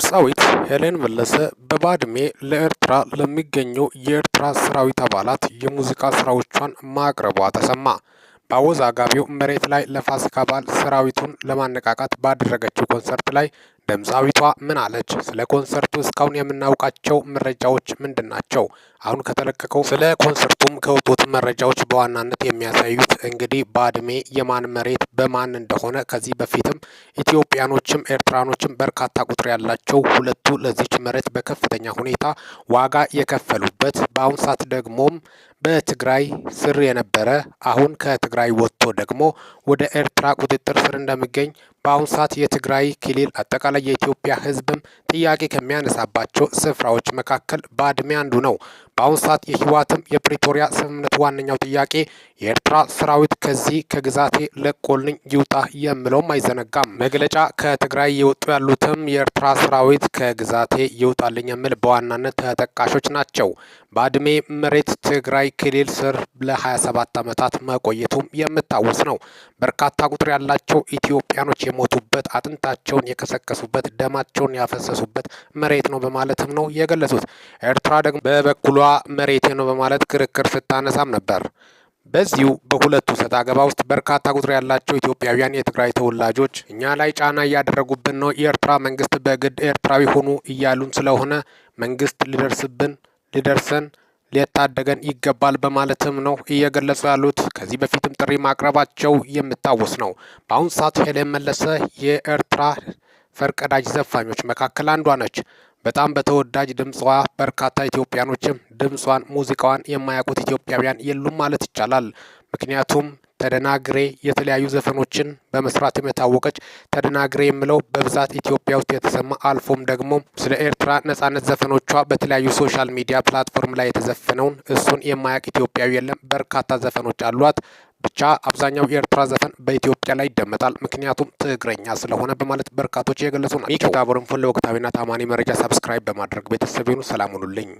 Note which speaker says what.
Speaker 1: ድምፃዊት ሄለን መለሰ በባድሜ ለኤርትራ ለሚገኙ የኤርትራ ሰራዊት አባላት የሙዚቃ ስራዎቿን ማቅረቧ ተሰማ። በአወዛጋቢው መሬት ላይ ለፋሲካ በዓል ሰራዊቱን ለማነቃቃት ባደረገችው ኮንሰርት ላይ ድምፃዊቷ ምን አለች? ስለ ኮንሰርቱ እስካሁን የምናውቃቸው መረጃዎች ምንድን ናቸው? አሁን ከተለቀቀው ስለ ኮንሰርቱም ከወጡት መረጃዎች በዋናነት የሚያሳዩት እንግዲህ በአድሜ የማን መሬት በማን እንደሆነ ከዚህ በፊትም ኢትዮጵያኖችም ኤርትራኖችም በርካታ ቁጥር ያላቸው ሁለቱ ለዚች መሬት በከፍተኛ ሁኔታ ዋጋ የከፈሉበት በአሁን ሰዓት ደግሞም በትግራይ ስር የነበረ አሁን ከትግራይ ወጥቶ ደግሞ ወደ ኤርትራ ቁጥጥር ስር እንደሚገኝ በአሁኑ ሰዓት የትግራይ ክልል አጠቃላይ የኢትዮጵያ ህዝብም ጥያቄ ከሚያነሳባቸው ስፍራዎች መካከል ባድሜ አንዱ ነው። በአሁኑ ሰዓት የህወሓትም የፕሪቶሪያ ስምምነት ዋነኛው ጥያቄ የኤርትራ ሰራዊት ከዚህ ከግዛቴ ለቆልኝ ይውጣ የምለውም አይዘነጋም። መግለጫ ከትግራይ የወጡ ያሉትም የኤርትራ ሰራዊት ከግዛቴ ይውጣልኝ የሚል በዋናነት ተጠቃሾች ናቸው። በአድሜ መሬት ትግራይ ክልል ስር ለ27 ዓመታት መቆየቱም የምታወስ ነው። በርካታ ቁጥር ያላቸው ኢትዮጵያኖች የሞቱበት፣ አጥንታቸውን የከሰከሱበት፣ ደማቸውን ያፈሰሱበት መሬት ነው በማለትም ነው የገለጹት። ኤርትራ ደግሞ በበኩሏ መሬቴ ነው በማለት ክርክር ስታነሳም ነበር። በዚሁ በሁለቱ ሰጥ አገባ ውስጥ በርካታ ቁጥር ያላቸው ኢትዮጵያውያን የትግራይ ተወላጆች እኛ ላይ ጫና እያደረጉብን ነው፣ የኤርትራ መንግስት በግድ ኤርትራዊ ሆኑ እያሉን ስለሆነ መንግስት ሊደርስብን ሊደርሰን ሊታደገን ይገባል በማለትም ነው እየገለጹ ያሉት። ከዚህ በፊትም ጥሪ ማቅረባቸው የሚታወስ ነው። በአሁን ሰዓት ሄለን መለሰ የኤርትራ ፈርቀዳጅ ዘፋኞች መካከል አንዷ ነች። በጣም በተወዳጅ ድምጿ በርካታ ኢትዮጵያኖችም ድምጿን፣ ሙዚቃዋን የማያውቁት ኢትዮጵያውያን የሉም ማለት ይቻላል። ምክንያቱም ተደናግሬ የተለያዩ ዘፈኖችን በመስራት የታወቀች ተደናግሬ የምለው በብዛት ኢትዮጵያ ውስጥ የተሰማ አልፎም ደግሞ ስለ ኤርትራ ነጻነት ዘፈኖቿ በተለያዩ ሶሻል ሚዲያ ፕላትፎርም ላይ የተዘፈነውን እሱን የማያውቅ ኢትዮጵያዊ የለም። በርካታ ዘፈኖች አሏት። ብቻ አብዛኛው የኤርትራ ዘፈን በኢትዮጵያ ላይ ይደመጣል ምክንያቱም ትግረኛ ስለሆነ በማለት በርካቶች የገለጹ ናቸው። ታቦርን ፎን ለወቅታዊና ታማኒ መረጃ ሰብስክራይብ በማድረግ ቤተሰብ ይሁኑ። ሰላም ሁኑልኝ።